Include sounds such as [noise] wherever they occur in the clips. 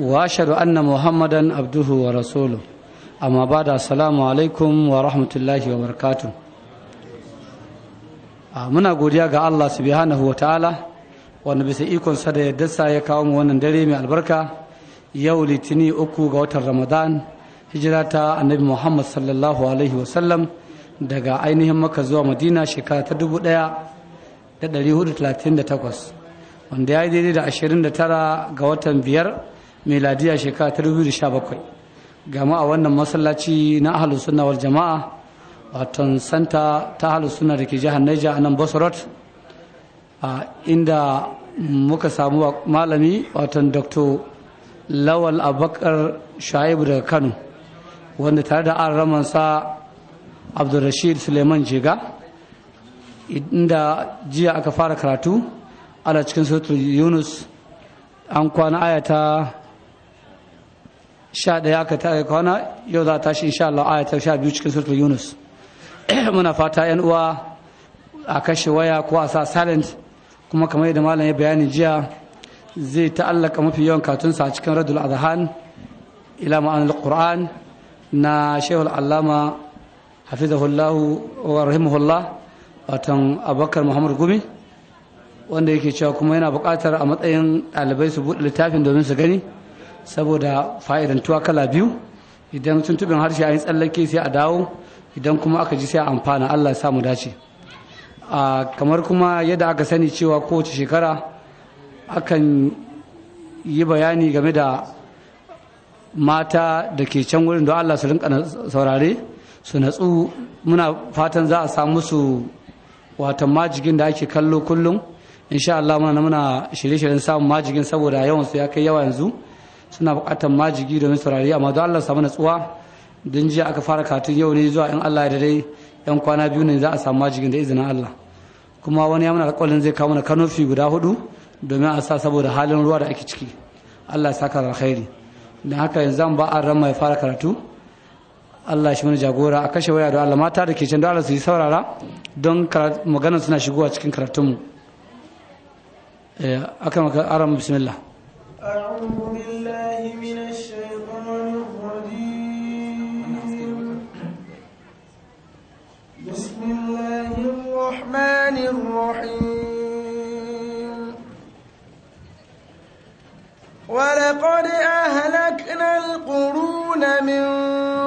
واشهد ان محمدا عبده ورسوله اما بعد السلام alaikum wa rahmatullahi wa وبركاته ah, muna godiya ga Allah subhanahu wa ta'ala wanda bisa ikon sa da dasa ya kawo mu wannan dare mai albarka yau litini uku ga watan ramadan hijira ta annabi muhammad sallallahu alaihi sallam. daga ainihin maka zuwa madina shekara ta dubu takwas. wanda ya yi daidai da da tara ga watan biyar miladiya shekara 2017 gama a wannan masallaci na ahal wal jama'a waton santa ta ahal suna da ke jihar Niger a nan Basrot inda muka samu malami waton Dr. Lawal Abakar Shaibu daga Kano wanda tare da an ramansa Abdulrashid Suleiman Jega inda jiya aka fara karatu ana cikin sautar Yunus an kwana ayata sha ɗaya aka ta kwana yau za ta shi insha Allah aya ta sha biyu cikin suratul Yunus [clears throat] muna fata yan uwa a kashe waya ko a sa silent kuma kamar yadda malam ya bayani jiya zai ta'allaka mafi yawan katun a cikin radul azhan ila ma'anar qur'an na shehul allama hafizahullah wa rahimahullah watan abakar muhammad gumi wanda yake cewa kuma yana buƙatar a matsayin ɗalibai su buɗe littafin domin su gani saboda fa'idantuwa kala biyu idan tuntuɓin harshe a yi tsallake sai a dawo idan kuma aka ji sai a amfana allah ya mu dace kamar kuma yadda aka sani cewa kowace shekara akan yi bayani game da mata da ke can wurin don allah su rinka saurare su natsu muna fatan za a samu su watan majigin da ake kallo kullum insha allah muna shirye-shiryen samun majigin saboda yawan su ya kai yawa yanzu suna buƙatar majigi domin saurari amma don Allah samu natsuwa don jiya aka fara katun yau ne zuwa in Allah da dai yan kwana biyu ne za a samu majigin da izinin Allah kuma wani ya mana alƙawarin zai kawo mana kanofi guda hudu domin a sa saboda halin ruwa da ake ciki Allah ya saka alkhairi don haka yanzu zan ba a ran mai fara karatu Allah shi mana jagora a kashe waya da Allah mata da ke can don Allah su yi saurara don magana suna shigowa cikin karatunmu eh, akan aram bismillah بسم الله الرحمن الرحيم ولقد أهلكنا القرون من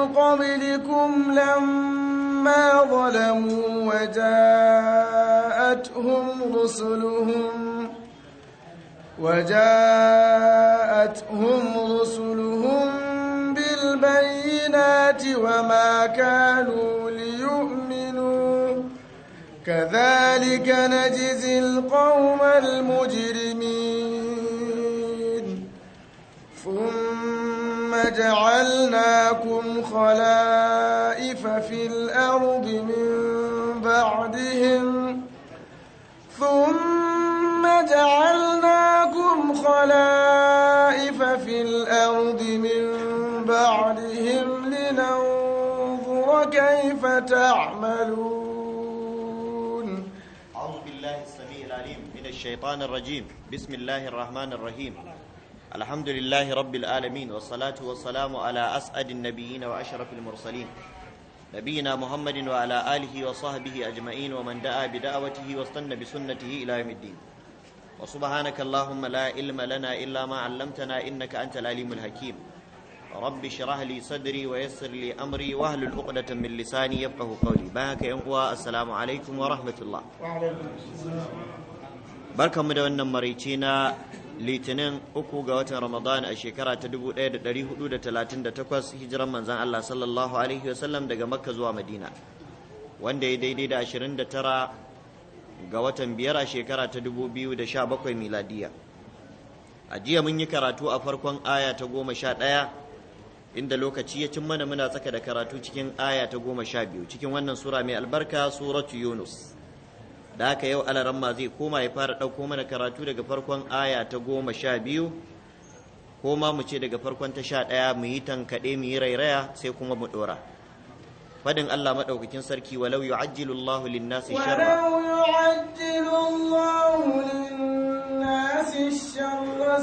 قبلكم لما ظلموا وجاءتهم رسلهم وجاءتهم رسلهم بالبينات وما كانوا ليؤمنوا كذلك نجزي القوم المجرمين ثم جعلناكم خلائف في الأرض من الخلائف في الأرض من بعدهم لننظر كيف تعملون أعوذ بالله السميع العليم من الشيطان الرجيم بسم الله الرحمن الرحيم الحمد لله رب العالمين والصلاة والسلام على أسعد النبيين وأشرف المرسلين نبينا محمد وعلى آله وصحبه أجمعين ومن دعا بدعوته واستنى بسنته إلى يوم الدين wa subhanaka allahumma la ilma lana illa ma 'allamtana innaka antal alimul hakim rabbi shrah li sadri wa yassir li amri wa hlul 'uqdatan min lisani yafqahu qawli haka yan uwa assalamu wa rahmatullah barkamu da wannan maraice na litinin uku ga watan Ramadana, a shekara ta 1438 hijiran manzan Allah sallallahu alaihi wasallam daga makka zuwa madina wanda ya daidai da 29 ga watan biyar a shekara ta 2017 miladiya a jiya mun yi karatu a farkon aya ta goma sha ɗaya inda lokaci ya cin mana muna tsaka da karatu cikin aya ta goma sha biyu cikin wannan sura mai albarka Surat yunus da haka yau ma zai koma ya fara ɗauko mana karatu daga farkon aya ta goma sha biyu ko ma mu ce daga farkon ta sha ɗaya mu yi tankaɗe mu yi rairaya sai kuma mu ɗora faɗin Allah madaukakin sarki walau yu'ajjilu linnasi lin-nasi sharra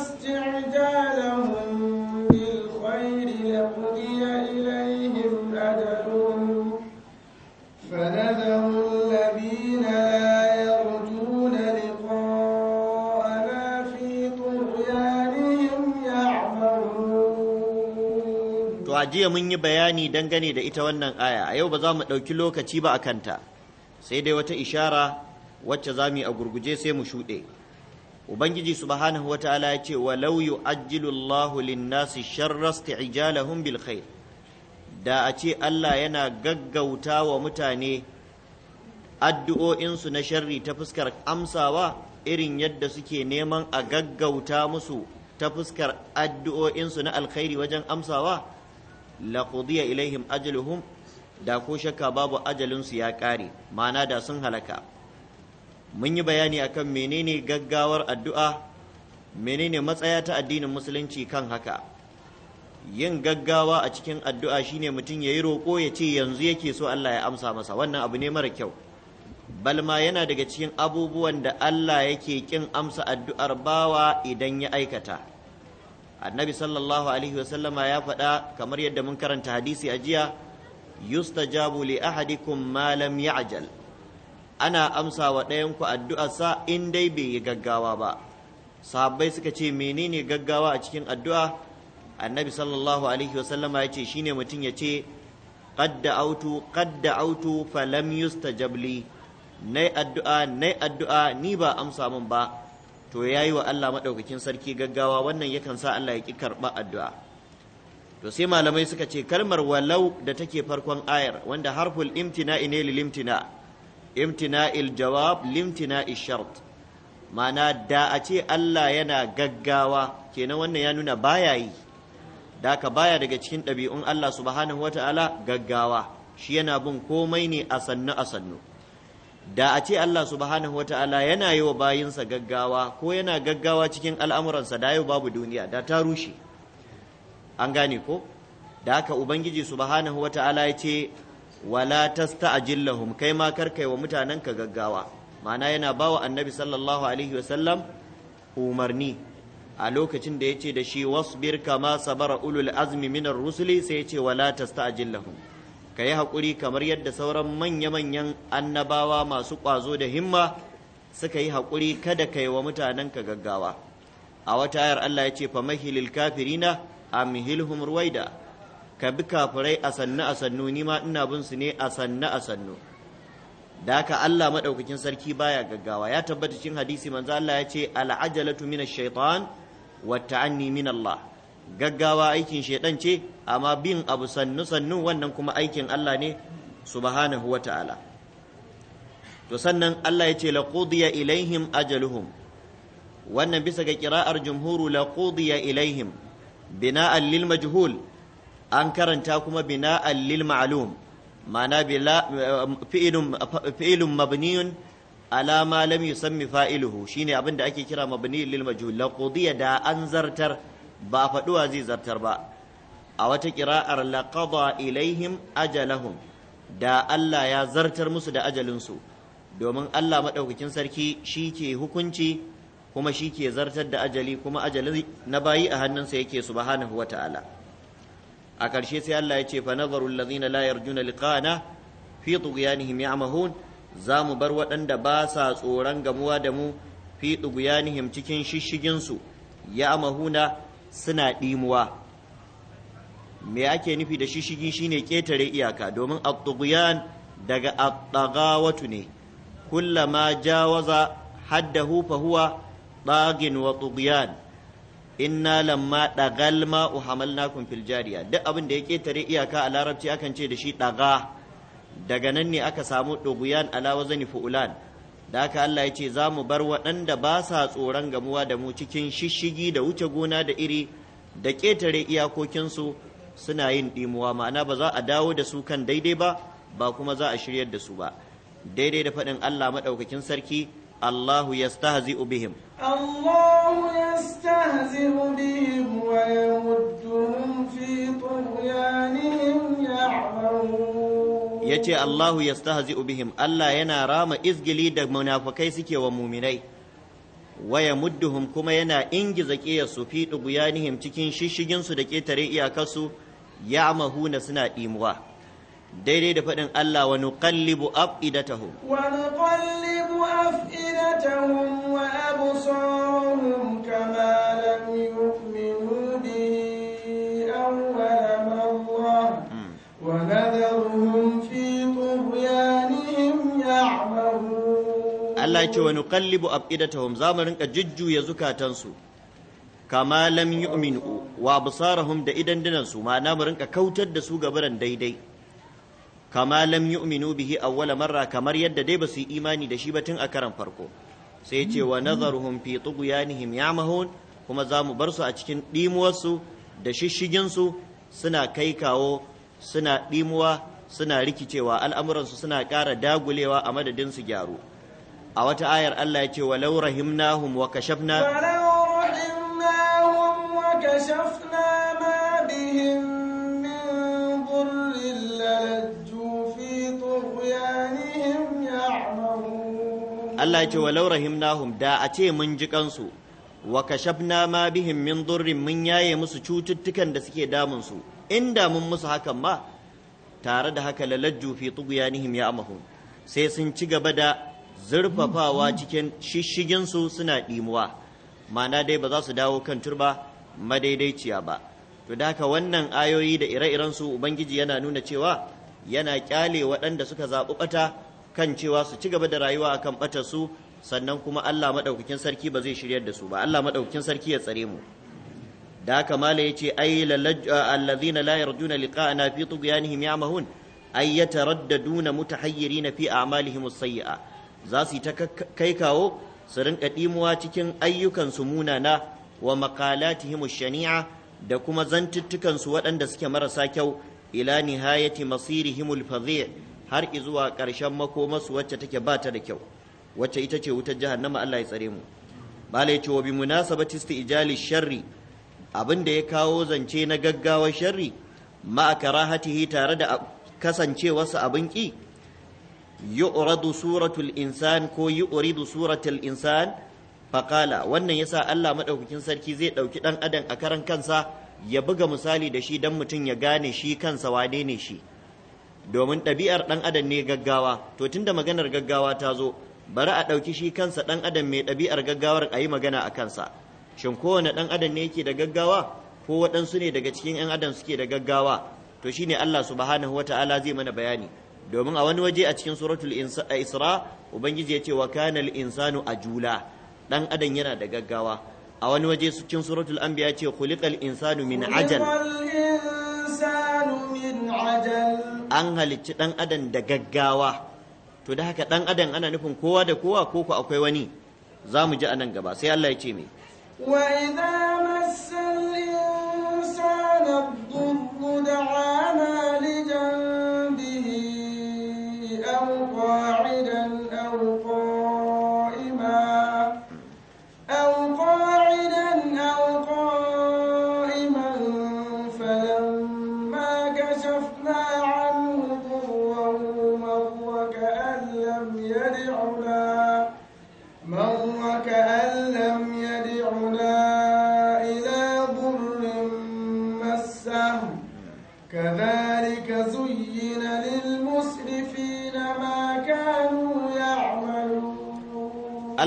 jiya mun yi bayani dangane da ita wannan aya a yau ba za mu ɗauki lokaci ba a kanta sai dai wata ishara wacce za mu yi a gurguje sai mu shuɗe ubangiji subhanahu wa ta'ala ya ce walau yu'ajjilu Allahu lin-nasi sharra isti'jalahum bil khair da a ce Allah yana gaggauta wa mutane addu'o'insu na sharri ta fuskar amsawa irin yadda suke neman a gaggauta musu ta fuskar addu'o'insu na alkhairi wajen amsawa laqudiya ilaihim ajaluhum da ko shakka babu ajalinsu ya ƙare ma'ana da sun halaka mun yi bayani akan menene gaggawar addu'a menene matsaya ta addinin musulunci kan haka yin gaggawa a cikin addu'a shine mutum ya yi roƙo ya ce yanzu yake so Allah ya amsa masa wannan abu ne mara kyau balma yana daga cikin abubuwan da Allah yake ƙin amsa addu'ar bawa idan ya aikata annabi sallallahu alaihi wasallama ya faɗa kamar yadda mun karanta hadisi a jiya yustajabu li ahadikum ma lam ya'jal ana amsa wa ɗayanku sa in dai bai yi gaggawa ba sahabbai suka ce menene gaggawa a cikin addu'a annabi sallallahu alaihi wasallama ya ce shine mutum ya ce qadda autu qadda autu falam yustajab li nay addu'a nay addu'a ni ba amsa min ba to ya yi wa Allah maɗaukakin sarki gaggawa wannan yakan sa Allah ya ƙi karɓa addu'a to sai malamai suka ce kalmar walau da take farkon ayar wanda harful imtina ne limtina, imtina il jawab limtina'i shart mana da a ce Allah yana gaggawa kenan wannan ya nuna baya yi da ka baya daga cikin ɗabi'un Allah subhanahu wata'ala gaggawa shi yana bin komai ne a sannu a sannu da a ce Allah subhanahu ta'ala yana yi wa bayinsa gaggawa ko yana gaggawa cikin al'amuransa da yau babu duniya da ta rushe an gane ko da haka ubangiji subhanahu ta’ala ya ce wala a lahum kai ma karkai wa ka gaggawa ma'ana yana bawa annabi sallallahu alaihi wasallam umarni a lokacin da ya ce da shi wasu birka ma sabara ulul azmi minar rusuli sai yace wala a lahum ka yi haƙuri kamar yadda sauran manya-manyan annabawa masu ƙwazo da himma suka yi haƙuri kada ka yi wa ka gaggawa a wata ayar Allah ya ce fa mahilil kafirina amhilhum ruwaida ka bi kafirai a sannu a sannu ni ma ina bin su ne a sannu a sannu da haka Allah madaukakin sarki baya gaggawa ya tabbata cikin hadisi manzo Allah ya ce Al'ajalatu ajalatu minash shaitan wa ta'anni min Allah gaggawa aikin shaiɗan ce amma bin abu sannu sannu wannan kuma aikin Allah ne subhanahu wa ta'ala to sannan Allah ya ce laqudiya ilaihim ajaluhum wannan bisa ga kira'ar jumhuru laqudiya ilaihim bina'an lil majhul an karanta kuma bina'an lil ma'lum ma'ana fi'ilun fi'ilun mabniyun ala ma lam yusammi fa'iluhu shine abin da ake kira mabni lil majhul laqudiya da an zartar ba a faɗuwa zai zartar ba a wata ƙira'ar laqada ilaihim ajalahum da Allah ya zartar musu da ajalinsu domin Allah maɗaukakin sarki shi ke hukunci kuma shi ke zartar da ajali kuma ajali na bayi a hannunsa yake su ba subhanahu wa ta'ala a ƙarshe sai Allah ya ce fa nazaru allazina la yarjuna liqana fi tughyanihim ya'mahun za mu bar waɗanda ba sa tsoron gamuwa da mu fi tughyanihim cikin shishigin ya ya'mahuna suna ɗimuwa me ake nufi da shishigi shine ƙetare iyaka domin at daga at ne ne kullama jawaza haddahu fa huwa tagin wa tughyan inna lamma ɗagal ma uhamalnakum fil jariya duk abin da ya ƙetare iyaka a larabci akan ce da shi daga daga nan ne aka samu tughyan ala wazani fu'ulan da haka Allah ya ce za mu bar waɗanda ba sa tsoron gamuwa da mu cikin shishigi da wuce gona da iri da ƙetare iyakokinsu suna yin ɗimuwa ma'ana ba za a dawo da su kan daidai ba ba kuma za a shiryar da su ba daidai da faɗin Allah maɗaukakin sarki Allahu yastahzi'u bihim Allahu yastahzi'u wa fi Ya yace Allahu yastahzi'u ubihim Allah yana rama izgili da munafakai suke wa muminai waya mudduhum kuma yana ingiza qiyarsu fi duguyanihim cikin shishiginsu da ketare iyakarsu mahuna suna ɗimuwa. daidai da faɗin Allah wa nuqallibu afidatahum wa nuqallibu afidatahum wa absarahum kama lam yu'minu bi awwal hmm. wa nadharuhum Allah آذانهم wani kallibu يقول rinka أبئدتهم زامرن كججو يزكى zukatansu kama lam yu'minu wa absarahum da idan dinan su ma na murinka kautar da su gabaran daidai kama lam yu'minu bihi awwala marra kamar yadda dai basu yi imani da shi ba tun a karan farko sai ce wa nazaruhum fi tughyanihim yamahun kuma za mu bar su a cikin ɗimuwarsu da shishigin suna kai kawo suna dimuwa suna rikicewa al'amuransu suna ƙara dagulewa a madadin su gyaru a wata ayar Allah ya ce wa laura himna rahimnahum wa kashafna Allah ya ce himna rahimnahum da a ce mun ji kansu wa kashafna ma bihim min durrin mun yaye musu cututtukan da suke damunsu, inda mun musu hakan ma tare da haka lalajju fi ya amahu sai sun ci gaba da zurfafawa cikin shishiginsu suna ɗimuwa mana dai ba za su dawo kan turba madaidaiciya ba to da haka wannan ayoyi da ire-iren su ubangiji yana nuna cewa yana ƙyale waɗanda suka zaɓi ɓata kan cewa su ci gaba da rayuwa akan ɓata su sannan kuma Allah maɗaukakin sarki ba zai shiryar da su ba Allah maɗaukakin sarki ya tsare mu da haka mala yace ay alladhina la yarjuna liqa'ana fi tughyanihim ya'mahun ay yataraddaduna na fi a'malihim as-sayyi'a za su ta kai kawo su rinka dimuwa cikin ayyukan su munana wa maqalatihim ash-shani'a da kuma zantuttukan su waɗanda suke marasa kyau ila nihayati masirihim al-fadhi' har zuwa ƙarshen makomasu wacce take ba ta da kyau wacce ita ce wutar jahannama Allah ya tsare mu bala yace wa bi munasabati istijali sharri abin da ya kawo zance na gaggawa sharri ma'akara hatihi tare da kasance wasu abin ki uradu suratul insan ko uridu suratul insan faƙala wannan yasa Allah maɗaukakin sarki zai ɗauki ɗan adam a karan kansa ya buga misali da shi don mutum ya gane shi kansa wane ne shi domin ɗabi'ar ɗan adam ne gaggawa to tunda maganar gaggawa ta zo bari a ɗauki shi kansa ɗan adam mai ɗabi'ar gaggawar a yi magana a kansa shin kowane ɗan adam ne yake da gaggawa ko waɗansu ne daga cikin 'yan adam suke da gaggawa to shi ne Allah subhanahu Ta'ala zai mana bayani domin a wani waje a cikin suratul isra ubangiji ya ce wa kanal insanu ajula ɗan adam yana da gaggawa a wani waje cikin suratul anbiya ya ce khuliqal insanu min ajal an halicci ɗan adam da gaggawa to da haka ɗan adam ana nufin kowa da kowa ko ku akwai wani za mu ji a nan gaba sai Allah ya ce me وإذا مس الإنسان الضر دعانا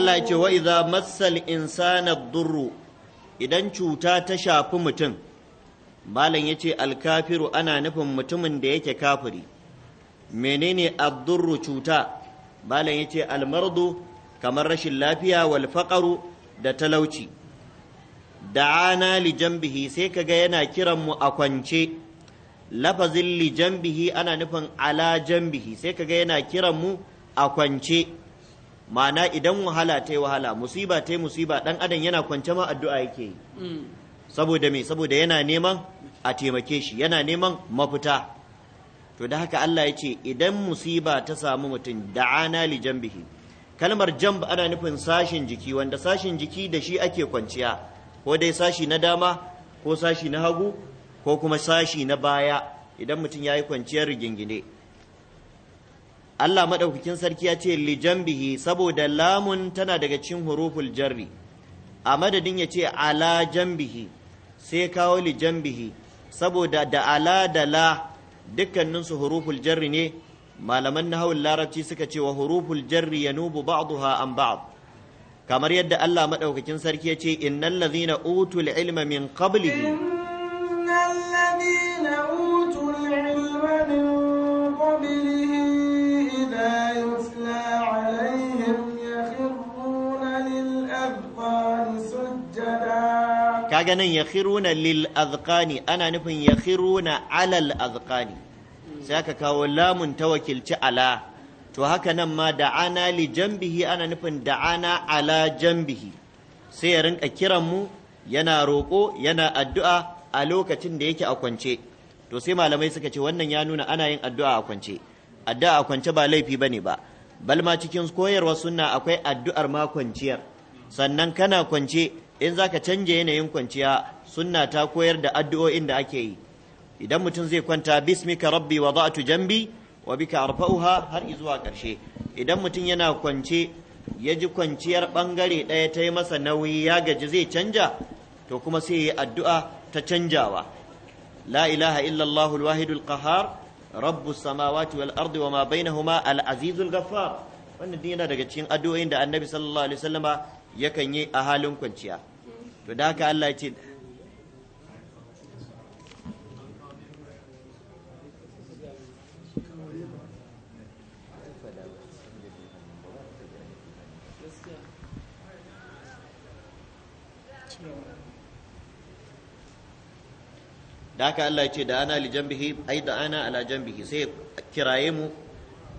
Allah ya ce wa idza massal insana durru idan cuta ta shafi mutum malam yace alkafiru ana nufin mutumin da yake kafiri menene addurru cuta malam yace almardu kamar rashin lafiya wal faqaru da talauci da'ana li jambihi sai kaga yana kiran mu a kwance lafazin li jambihi ana nufin ala jambihi sai kaga yana kiran mu a kwance ma'ana idan wahala ta yi wahala musiba ta yi musiba ɗan adam yana kwance ma addu'a yake yi mm. saboda me saboda yana neman a taimake shi yana neman mafita to da haka Allah ya ce idan musiba ta samu mutum da'ana li jambihi kalmar jamb ana nufin sashin jiki wanda sashin jiki da shi ake kwanciya ko dai sashi na dama ko sashi na hagu ko kuma sashi na baya idan mutum ya yi kwanciyar rigingine Allah maɗaukakin sarki ya ce lijambihi saboda lamun tana daga cikin huruful jarri a madadin ya ce ala jambihi sai kawo lijambihi saboda da ala da la dukkaninsu huruful jarri ne malaman nahawul larabci suka ce wa huruful jarri yanubu ba'daha an ba'd kamar yadda Allah maɗaukakin sarki ya ce innal ladhina utul ilma min qablihi innal ladhina utul ilma min qablihi kaga nan khiruna lil azqani ana nufin yakhiruna alal azqani sai aka kawo lamun wakilci ala to haka nan ma da'ana li jambihi ana nufin da'ana ala jambihi sai ya rinka kiran mu yana roƙo yana addu'a a lokacin da yake a kwance to sai malamai suka ce wannan ya nuna ana yin addu'a a kwance addu'a a kwance ba laifi bane ba balma cikin koyarwa sunna akwai addu'ar ma kwanciyar sannan kana kwance in zaka canje yanayin kwanciya sunna ta koyar da addu'o'in da ake yi idan mutum zai kwanta bismika rabbi wada'tu jambi wa bika arfa'uha har zuwa ƙarshe idan mutum yana kwance ya ji kwanciyar ɓangare ɗaya ta yi masa nauyi ya gaji zai canja to kuma sai yi addu'a ta canjawa la ilaha illallah wahidul qahar rabbu samawati wal ardi wa ma bainahuma al azizul ghaffar wannan yana daga cikin addu'o'in da annabi sallallahu alaihi wasallama yakan yi a halin kwanciya to da haka Allah ya ce da haka Allah ya ce da ana lijambihi ai da ana ala jambihi sai kiraye mu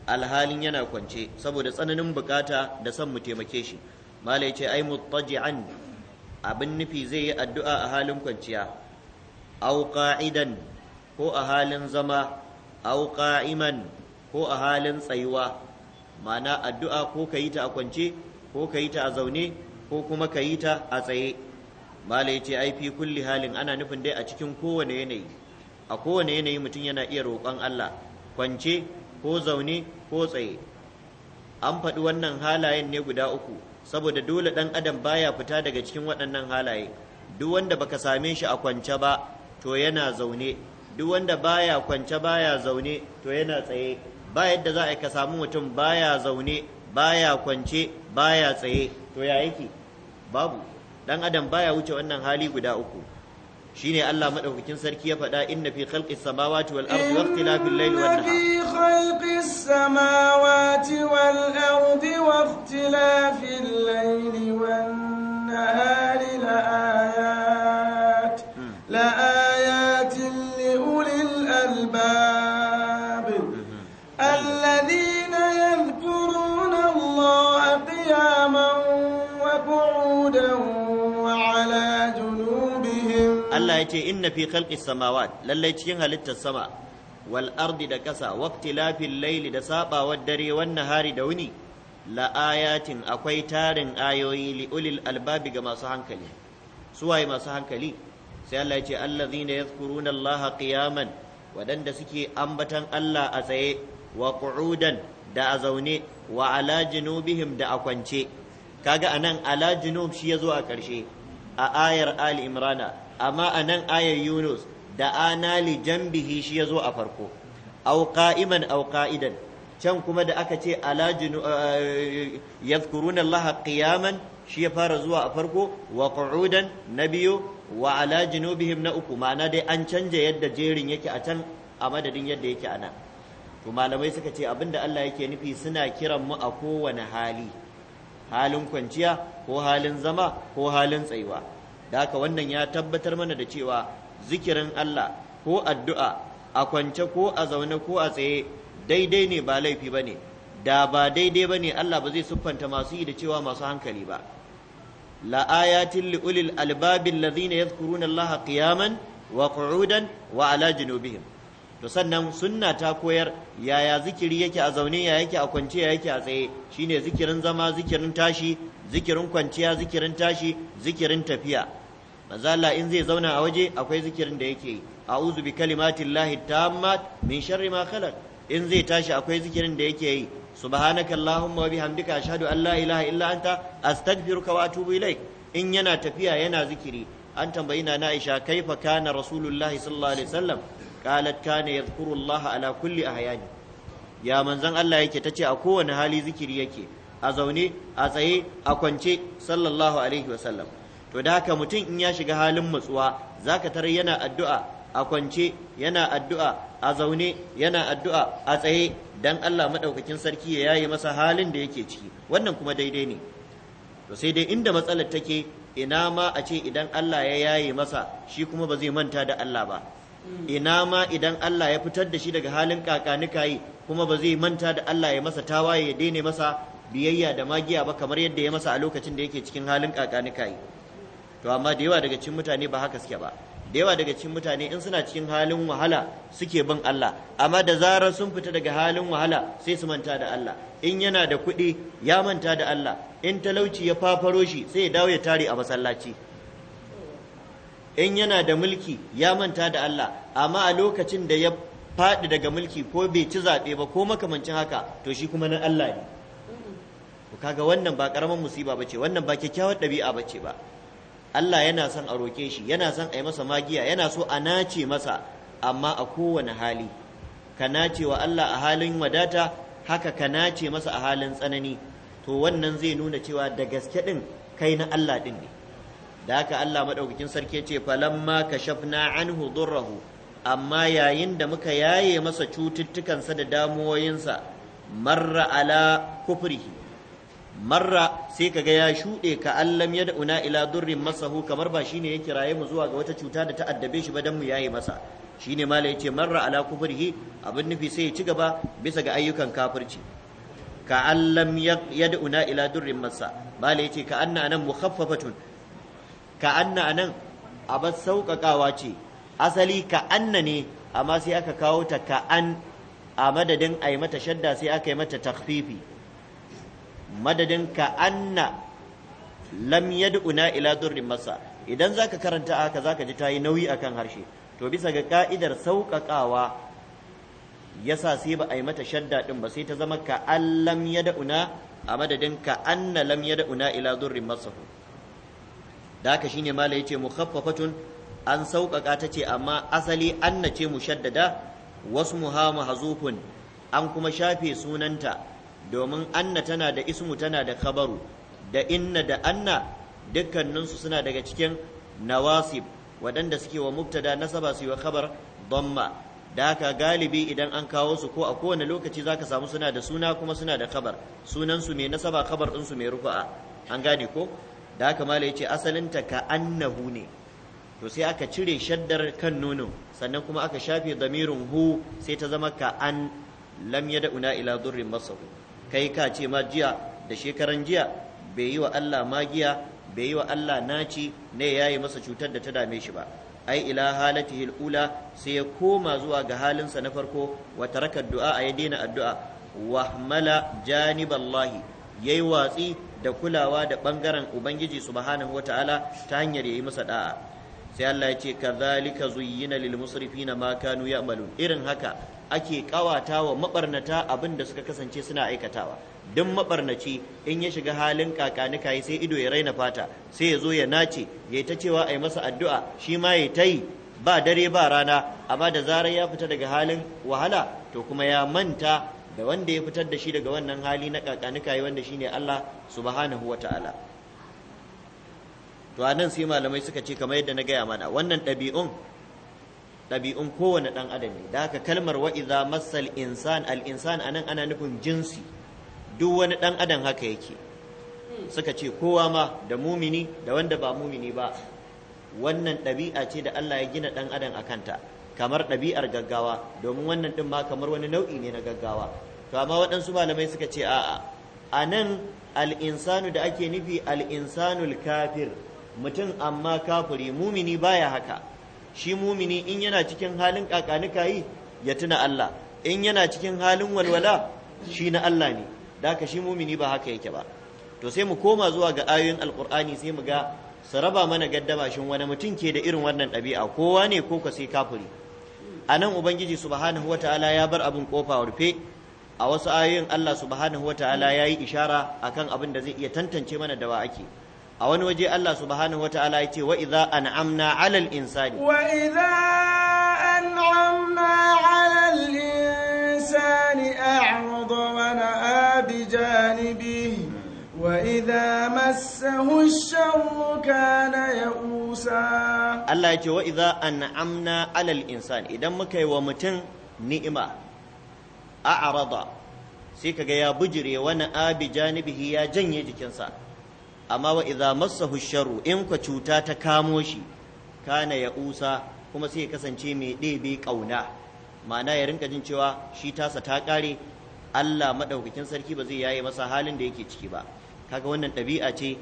alhalin yana kwance saboda tsananin bukata da son mu taimake shi malai ce ai mutaji'an abin nufi zai yi addu'a a halin kwanciya au ƙa’idan ko a halin zama au ƙa’iman ko a halin tsayuwa ma'ana addu'a ko ka yi ta a kwance ko ka yi ta a zaune ko kuma ka yi ta a tsaye mala ya ce ai fi kulli halin ana nufin dai a cikin kowane yanayi a kowane yanayi mutum yana iya roƙon Allah kwance ko zaune ko tsaye an faɗi wannan halayen ne guda uku saboda dole ɗan adam baya fita daga cikin waɗannan halaye duk wanda baka same shi a kwance ba to yana zaune duk wanda baya kwance baya zaune to yana tsaye ba yadda za a ka samu mutum baya zaune baya kwance baya tsaye to ya yake babu Ɗan adam baya wuce wannan hali guda uku ne Allah madaukakin sarki ya faɗa inna fi khalqis samawati wal ardi wa ikhtilafil layli wan nahar fi khalqis samawati wal ce inna fi khalqis samawat lallai cikin halittar sama wal ardi da ƙasa waqtilafil Laili da sabawar dare wan nahari da wuni la ayatin akwai tarin ayoyi li ulil albabi ga masu hankali suwaye masu hankali sai Allah ya ce allazina yadhkuruna allaha qiyaman wadanda suke ambatan Allah a tsaye wa qu'udan da a zaune wa ala junubihim da a kwance kaga anan ala junub shi yazo a ƙarshe a ayar ali imrana amma a nan ayar yunus da ana li jambihi shi ya zo a farko au aukaidan can kuma da aka ce ala ya eh, eh, yadhkuruna laha qiyaman shi ya fara zuwa a farko wa qu'udan na biyu wa ala junubihim na uku mana dai an canja yadda jerin yake a can a madadin yadda yake a nan to malamai suka ce abinda Allah yake nufi suna kiran mu a kowane hali halin kwanciya ko halin zama ko halin tsayuwa da haka wannan ya tabbatar mana da cewa zikirin Allah ko addu'a a kwance ko a zaune ko a tsaye daidai ne ba laifi ba ne da ba daidai ba ne Allah ba zai siffanta masu yi da cewa masu hankali ba la'ayatin li'ulil albabin lazina ya zukuruna Allah qiyaman wa qu'udan wa ala to sannan sunna ta koyar yaya zikiri yake a zaune ya yake a kwance ya yake a tsaye shine zikirin zama zikirin tashi zikirin kwanciya zikirin tashi zikirin tafiya manzo Allah in zai zauna a waje akwai zikirin da yake yi a'udhu bi kalimatillahi tammat min sharri ma khalaq in zai tashi akwai zikirin da yake yi subhanaka allahumma wa bihamdika ashhadu an la ilaha illa anta astaghfiruka wa atubu ilaik in yana tafiya yana zikiri an tambayi na Aisha kaifa kana rasulullahi sallallahu alaihi wasallam qalat kana yadhkuru allaha ala kulli ahyani ya manzon Allah yake tace a kowane hali zikiri yake a zaune a tsaye a kwance sallallahu alaihi wasallam to da haka mutum in ya shiga halin matsuwa za ka tarar yana addu'a a kwance yana addu'a a zaune yana addu'a a tsaye dan Allah madaukakin sarki ya yaye masa halin da yake ciki wannan kuma daidai ne to sai dai inda matsalar take ina ma a ce idan Allah ya yaye masa shi kuma ba zai manta da Allah ba ina ma idan Allah ya fitar da shi daga halin kakanika yi kuma ba zai manta da Allah ya masa tawaye ya daina masa biyayya da magiya ba kamar yadda ya masa a lokacin da yake cikin halin kakanikai yi to amma da yawa daga cikin mutane ba haka suke ba da yawa daga cikin mutane in suna cikin halin wahala suke bin Allah amma da zarar sun fita daga halin wahala sai su manta da Allah in yana da kuɗi ya manta da Allah in talauci ya fafaro shi sai ya dawo ya tare a masallaci in yana da mulki ya manta da Allah amma a lokacin da ya faɗi daga mulki ko bai ci zaɓe ba ko makamancin haka to shi kuma na Allah ne kaga wannan ba karaman musiba bace wannan ba kyakkyawar ɗabi'a bace ba Allah yana son a roke shi yana son a yi masa magiya yana so a nace masa amma a kowane hali ka nace wa Allah a halin wadata haka ka nace masa a halin tsanani to wannan zai nuna cewa da gaske din kai na Allah din ne da haka Allah madaukakin sarki ce falamma kashafna anhu durrahu amma yayin da muka yaye masa cututtukansa da damuwoyinsa marra ala kufrihi marra sai kaga ya shuɗe ka allam ya da'una ila durrin masahu kamar ba shine ya kiraye mu zuwa ga wata cuta da ta addabe shi ba dan mu yayi masa shine mala yace marra ala kufrihi abin nufi sai ya ci gaba bisa ga ayyukan kafirci ka allam ya da'una ila durrin masa mala yace ka anna anan mukhaffafatun ka anna anan abas sauƙaƙawa ce asali ka anna ne amma sai aka kawo ta ka an a madadin a yi mata shadda sai aka yi mata takfifi madadin ka anna lam yad'una ila durri masa idan zaka karanta haka zaka ji yi nauyi akan harshe to bisa ga ka'idar sauƙaƙawa yasa sai ba a yi mata shadda din ba sai ta zama ka allam yad'una a madadin ka anna lam yad'una ila durri masa da haka shine mala yace mukhaffafatun an sauƙaƙa ta ce amma asali anna ce mushaddada wasu mahzufun an kuma shafe sunanta domin anna tana da ismu tana da kabaru da inna da anna dukkaninsu suna daga cikin nawasib waɗanda suke wa mubtada nasaba su yi wa khabar damma da haka galibi idan an kawo su ko a kowane lokaci zaka samu suna da suna kuma suna da kabar sunan su mai nasaba kabar din su mai rufa'a an gane ko da haka mala yace asalin ta ka annahu ne to sai aka cire shaddar kan nono sannan kuma aka shafe damirin hu sai ta zama ka an lam una ila durrin masahu kai ka ce ma jiya da shekaran jiya bai yi wa Allah magiya bai yi wa Allah naci ne yayi masa cutar da ta dame shi ba ai ila halatihi ula sai ya koma zuwa ga halinsa na farko wa taraka du'a ya daina addu'a wa hamala janiballahi yayi watsi da kulawa da bangaren ubangiji subhanahu wataala ta hanyar yayi masa da'a sai Allah ya ce kadhalika zuyyina lil musrifina ma kanu ya'malun irin haka ake kawata wa mabarnata abin da suka kasance suna aikatawa duk mabarnaci in ya shiga halin kakanika ya sai ido ya raina fata sai ya zo ya nace ya ta cewa a yi masa addu'a shi ma ya ta yi ba dare ba rana amma da zarar ya fita daga halin wahala to kuma ya manta da wanda ya fitar da shi daga wannan hali na kakanika wanda shi ne Allah subhanahu wa ta'ala to anan sai malamai suka ce kamar yadda na gaya mana wannan ɗabi'un ɗabi'un kowane ɗan adam ne da haka kalmar wa'iza, masal, insan al insan anan ana nufin jinsi duk wani ɗan adam haka yake suka ce kowa ma da mumini da wanda ba mumini ba wannan ɗabi'a ce da Allah ya gina ɗan adam a kanta kamar ɗabi'ar gaggawa domin wannan ɗin ma kamar wani nau'i ne na gaggawa to amma waɗansu malamai suka ce a'a a nan al'insanu da ake nufi al'insanul kafir mutum amma kafuri mumini baya haka shi mumini in yana cikin halin kakanika yi ya tuna Allah in yana cikin halin walwala shi na Allah ne da haka shi mumini ba haka yake ba to sai mu koma zuwa ga ayoyin alkur'ani sai mu ga su raba mana gaddama shin wani mutum ke da irin wannan ɗabi'a kowa ne ko ka sai kafiri a nan ubangiji subhanahu wataala ya bar abin kofa rufe a wasu ayoyin Allah subhanahu wataala ya yi ishara akan abin da zai iya tantance mana da wa ake a wani waje Allah subhanahu wataala ya ce wa idza an'amna 'alal insani wa idza an'amna 'alal insani a'rada wa na'a bi janibihi wa idza massahu ash-sharru kana ya'usa Allah ya ce wa idza an'amna 'alal insani idan muka yi wa mutum ni'ima a'rada sai kaga ya bujire wa na'a bi janibihi ya janye jikinsa amma wa idza massahu sharru in ku cuta ta kamo shi kana ya usa kuma sai ya kasance mai ɗebe ƙauna ma'ana ya rinka jin cewa shi tasa ta ƙare Allah madaukakin sarki ba zai yaye masa halin da yake ciki ba kaga wannan ɗabi'a ce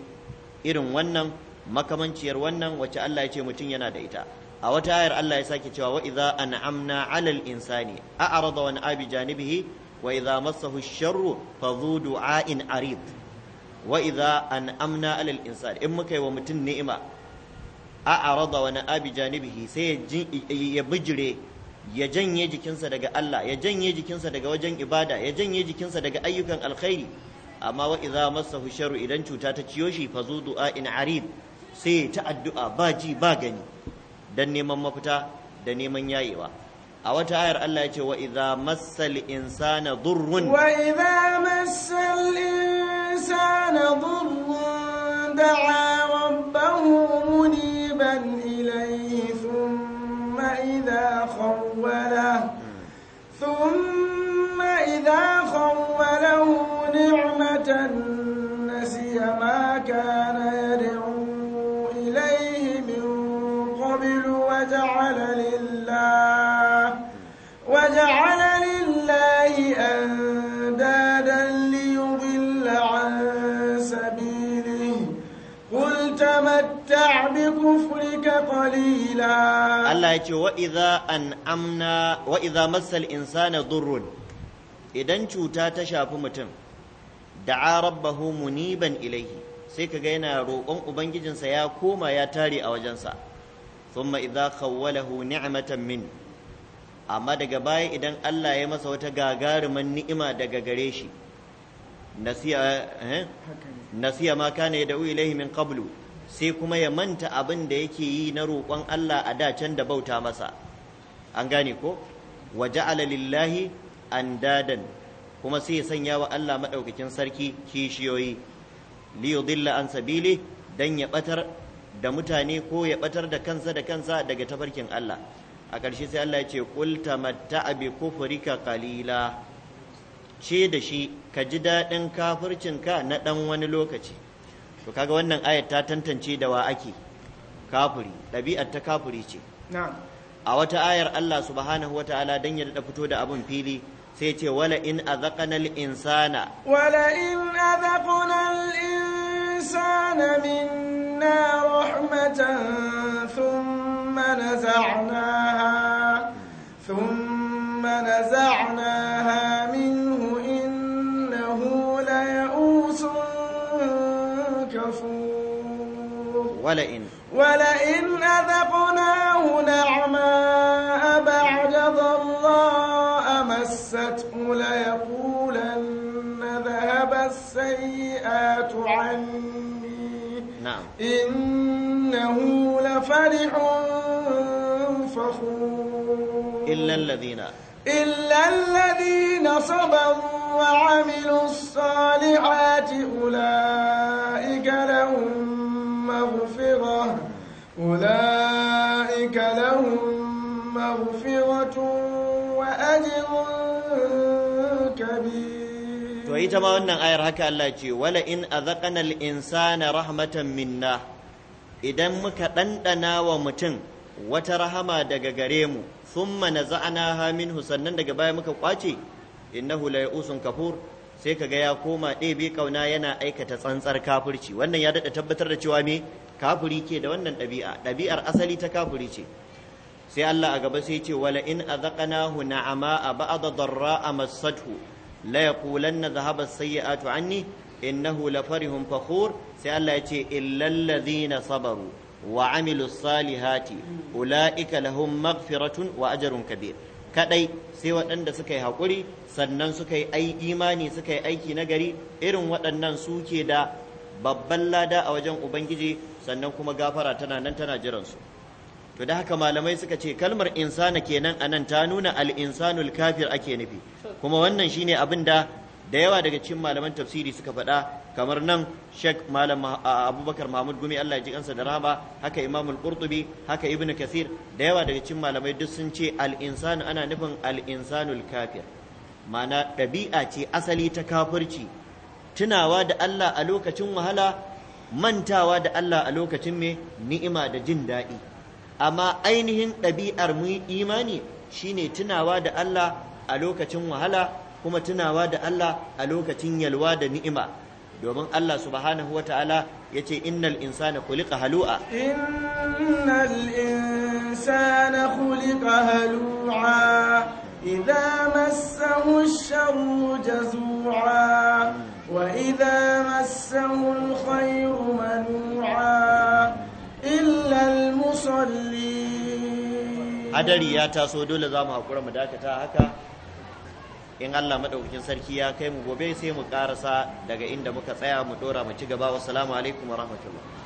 irin wannan makamanciyar wannan wacce Allah ya ce mutum yana da ita a wata ayar Allah ya sake cewa wa idza an'amna 'alal insani a'rada wa abi janibihi wa idza massahu sharru fa du'a'in arid wa idza an'amna 'alal insan in muka yi wa mutum ni'ima a arada wa na'abi janibihi sai ya bijire ya janye jikinsa daga Allah ya janye jikinsa daga wajen ibada ya janye jikinsa daga ayyukan alkhairi amma wa idza massahu sharru idan cuta ta ciyo shi fa zu du'a'in arid sai ta addu'a ba ji ba gani dan neman mafita da neman yayewa a wata ayar Allah ya ce wa masa massal insana durrun wa idza massal الإنسان ضر دعا ربه منيبا Allah ya ce wa idza an'amna wa idza insana durrun idan cuta ta shafi mutum da'a rabbahu muniban ilaihi sai kaga yana roƙon ubangijinsa ya koma ya tare a wajensa thumma idza khawwalahu ni'matan min amma daga baya idan Allah ya masa wata gagarumin ni'ima daga gare shi nasiya eh? nasiya ma kana yad'u ilaihi min qablu sai kuma ya manta abin da yake yi na roƙon Allah a dacen da bauta masa an gane ko Waje alalillahi an dadan. kuma sai ya sanya wa Allah maɗaukakin sarki kishiyoyi li dilla an sabili dan ya ɓatar da mutane ko ya ɓatar da kansa da kansa daga tafarkin Allah a ƙarshe sai Allah ya ce ƙulta tamatta'a ko kufrika ƙalila. ce da shi ka ji daɗin kafircinka na ɗan wani lokaci to kaga wannan ayat ta tantance da wa ake kafiri ɗabi'ar ta kafuri ce a wata ayar Allah subhanahu wata'ala dan ya da fito da abin fili sai ce wala in azaqana al insana wala in azaqana al insana minna rahmatan thumma naza'naha thumma ولئن ولئن أذقناه نعماء بعد ضراء مسته ليقولن ذهب السيئات عني نعم إنه لفرح فخور إلا الذين إلا الذين صبروا وعملوا الصالحات أولئك أولئك لهم مغفرة وأجر كبير to ita ma wannan ayar haka Allah ce wala in azaqana al-insana rahmatan minna idan muka dandana wa mutum wata rahama daga gare mu thumma naza'ana ha minhu sannan daga baya muka kwace innahu la ya'usun kafur sai kaga ya koma ɗebe kauna yana aikata tsantsar kafirci wannan ya dada tabbatar da cewa me kafuri ke da wannan ɗabi'a ɗabi'ar asali ta kafuri ce sai Allah a gaba sai ce wala in azaqnahu na'ama a ba'da darra'a massathu la yaqulanna dhahaba sayyiatu anni innahu lafarihun fakhur sai Allah ya ce illal ladhina sabaru wa amilus salihati ulaika lahum maghfiratun wa ajrun kabir kadai sai waɗanda suka yi haƙuri sannan suka yi imani suka yi aiki nagari irin waɗannan suke da babban lada a wajen ubangiji sannan kuma gafara tana nan tana jiran su. to da haka malamai suka ce kalmar insana kenan a nan ta nuna al-insanul kafir ake nufi kuma wannan shine abin da da yawa daga cikin malaman tafsiri suka faɗa kamar nan Sheikh Malam Abubakar Mahmud Gumi Allah ya ji kansa da rahama haka imamul Al-Qurtubi haka Ibn Kathir da yawa daga cikin malamai duk sun ce al-insanu ana nufin Al'insanul kafir ma'ana ɗabi'a ce asali ta kafirci tunawa da Allah a lokacin wahala mantawa da Allah a lokacin mai ni'ima da jin daɗi amma ainihin ɗabi'ar mu imani shine tunawa da Allah a lokacin wahala kuma tunawa da Allah a lokacin yalwa da ni'ima domin Allah subhanahu wata'ala ya ce innal insana khuliqa halu'a innal insana khuliqa halu'a idza massahu ash-sharru jazu'a وإذا مسه الخير منوعا إلا المصلين أدري dole za mu زام mu dakata haka in Allah madaukakin sarki ya kai mu gobe sai mu karasa daga inda muka tsaya mu ɗora mu ci gaba wassalamu alaikum wa rahmatullah